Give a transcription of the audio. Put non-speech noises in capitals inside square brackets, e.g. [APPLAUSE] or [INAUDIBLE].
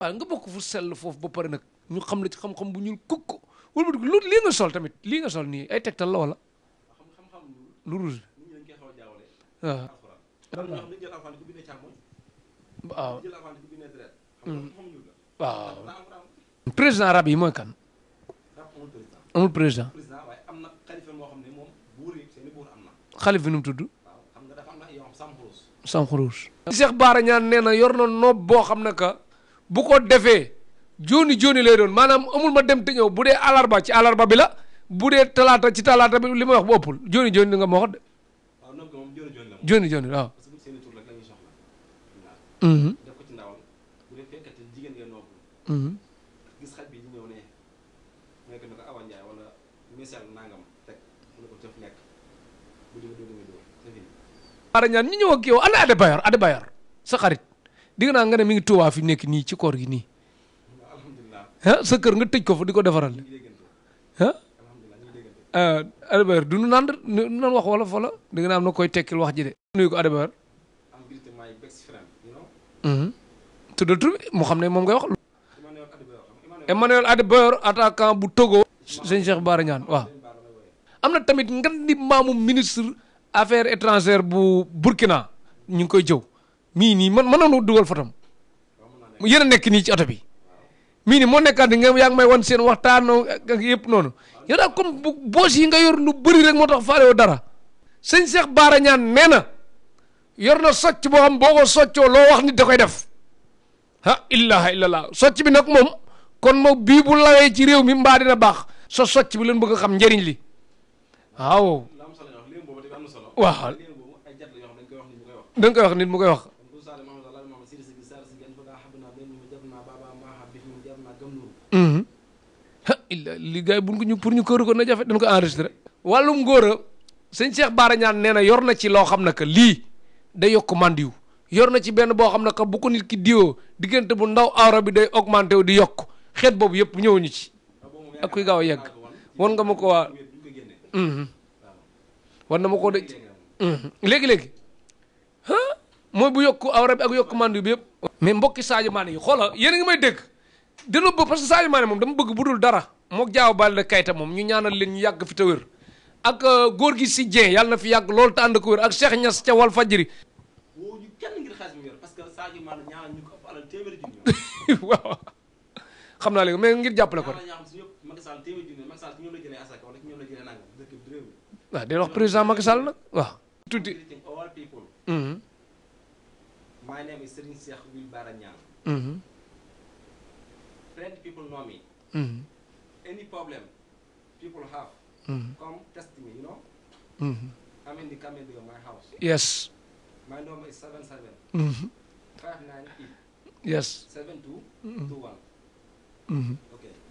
waaw nga bokk fu sell foofu ba pare nag ñu xam la ci xam-xam bu ñu kukk wala lu lii nga sol tamit lii nga sol nii ay tegtal la wala. lu rouge waaw. waaw. Mm. waaw. président rab yi mooy kan. amul président. xalifa nu mu tudd. Sam Xuruus. Sam Xuruus. Baara Ñaan nee na noob boo xam ne que. bu ko defee jooni jooni lay doon maanaam amul ma dem te ñëw bu dee alarba ci alarba bi la bu dee talaata ci talaata bi li ma wax bu ëppul jooni jooni nga ma wax de. jooni jooni waaw. Mm-hmm. Mm-hmm. gis xaj bi ñu ñëw ne nekk na ko Awa Ndiaye wala misaal nangam teg mu ne ko jëf nekk mu ñu ñëw ak yow ana Adebayor Adebayor sa xarit digg naa nga ne mi ngi Tuubaa fi nekk nii ci koor gi nii ah sa kër nga tëj ko fa di ko defaral ah euh, Adébert du nu naan wax wala foola dégg naa am na koy tekkil wax ji de nuyu ko Adébert mhm. tuddal tur bi mu xam ne moom ngay wax Emmanuel Adebayor attaquant bu Togo sëñ Cheikh Bara Niane waaw am na tamit ngan di maamu ministre affaires étrangères bu Burkina ñu ngi koy jëw mii nii man mën nañu dugal fotom yéen a nekk nii ci oto bi mii nii moo nekkaat ni nga yaa ngi may wan seen waxtaan ak yëpp noonu yow daal comme bu boos nga yor lu bëri rek moo tax faale dara sëñ Cheikh Baara ñaan nee na yor na socc boo xam boo ko soccoo loo wax nit da koy def ah illaha illallah socc bi nag mom kon moo bii bu lawee ci réew mi mbaa dina baax so socc bi leen bëgg a xam njëriñ li waaw waaw da nga koy wax nit mu koy wax illa li gars yi buñ ko ñu pour ñu ko na jafe dañ ko enregistré wàllum góor a sëñ Cheikh Bara Niane nee na yor na ci loo xam na que lii day yokk mandiw yor na ci benn boo xam ne ka bu nit ki diwoo diggante bu ndaw awra bi day augmenté wu di yokk xeet boobu yëpp ñëwuñu ci ak kuy gaaw a yegg wan nga ma ko waa mhm. wan na ma koo dëj mhm. léegi-léegi ah mooy bu yokk awra ak yokk mandiw bi yëpp mais mbokki Sadio Mané yi xoola yéen a ngi may dégg dina bëgg parce que Sadio Mané moom dama bëgg bu dul dara mook jaaw Balla Kayta moom ñu ñaanal leen ñu yàgg fi te wér ak euh, góor gi si Dieng yàlla na fi yàgg loolu te ànd ko wér ak Cheikh Niass ca wal fajiri woo parce que Sadio Mané ñaanal ñu ko ëpp [LAUGHS] waaw xam naa léegi mais ngir jàppale ko waaw day wax président Macky Sall nag waaw tuuti mm-hmm. My name is Serigne Cheikh Wil Bara Niang. Mm-hmm. Friend people know me. Mm-hmm. any problem people have, mm. you know? Mm -hmm. the community of my house. Yes. My number is 77 mm -hmm. 598 Yes. 7221. Mm -hmm. Okay.